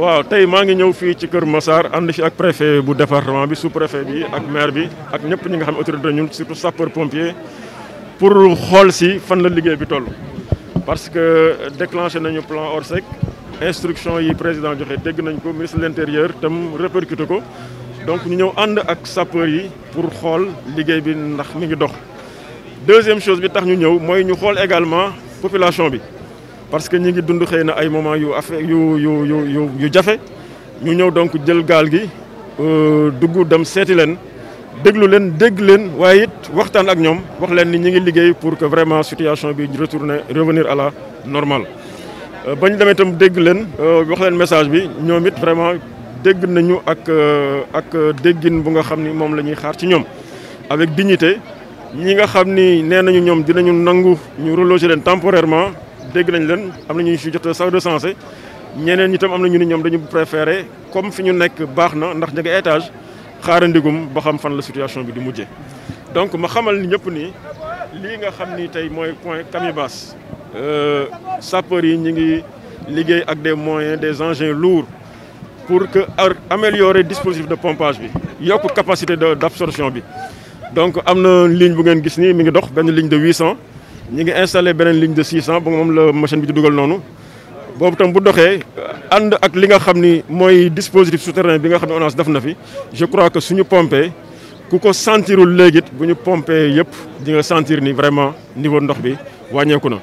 waaw tey maa ngi ñëw fii ci Kër Massar ànd fi ak préfet bu département bi su préfet bi ak maire bi ak ñëpp ñi nga xam ne autorité ñun surtout sapeur pompier pour xool si fan la liggéey bi toll. parce que déclenché nañu plan Orsec instruction yi président joxe dégg nañ ko ministre de l'intérieur tam répercuté ko donc ñu ñëw ànd ak sapeur yi pour xool liggéey bi ndax mi ngi dox. deuxième chose bi tax ñu ñëw mooy ñu xool également population bi. parce que ñu ngi dund xëy na ay moment yu affaire yu yu yu yu jafe ñu ñëw donc jël gaal gi euh, dugg dem seeti leen déglu leen dégg leen waaye it waxtaan ak ñoom wax leen ni ñu ngi liggéey pour que vraiment situation bi retourner revenir à normal normale. Euh, ba ñu demee itam dégg leen euh, wax leen message bi ñoom it vraiment dégg nañu ak ak déggin bu nga xam ni moom la ñuy xaar ci ñoom avec dignité ñi nga xam ni nee nañu ñoom dinañu nangu ñu reloger leen temporairement. dégg nañ leen am na ñu si jot sax recensé ñeneen ñi am na ñu ni ñoom dañu préféré comme fi ñu nekk baax na ndax ña nga étage xaarandigum ba xam fan la situation bi di mujjee. donc ma xamal ni ñëpp nii lii nga xam ni tey mooy point Camibas euh, sapeurs yi ñu ngi liggéey ak des moyens des engins lourds pour que améliorer dispositif de pompage bi yokk capacité de d'absorption bi donc am na ligne bu ngeen gis nii mu ngi dox benn ligne de 800. ñi ngi installé beneen ligne de 600 bu moom la machine bi di dugal noonu boobu tam bu doxee ànd ak li nga xam ni mooy dispositif souterrain bi nga xam ne ONAS def na fi je crois que suñu pompé ku ko sentirul léegi it bu ñu pompé yëpp di nga sentir ni vraiment niveau ndox bi wàññeeku na.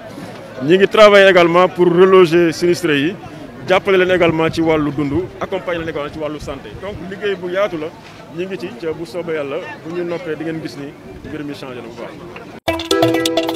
ñi ngi travailler également pour reloger sinistrés yi jàppale leen également ci wàllu dund accompagner leen également ci wàllu santé donc liggéey bu yaatu la ñi ngi ci ca bu soobee yàlla bu ñu noppee di ngeen gis ni mbir mi changé na bu baax.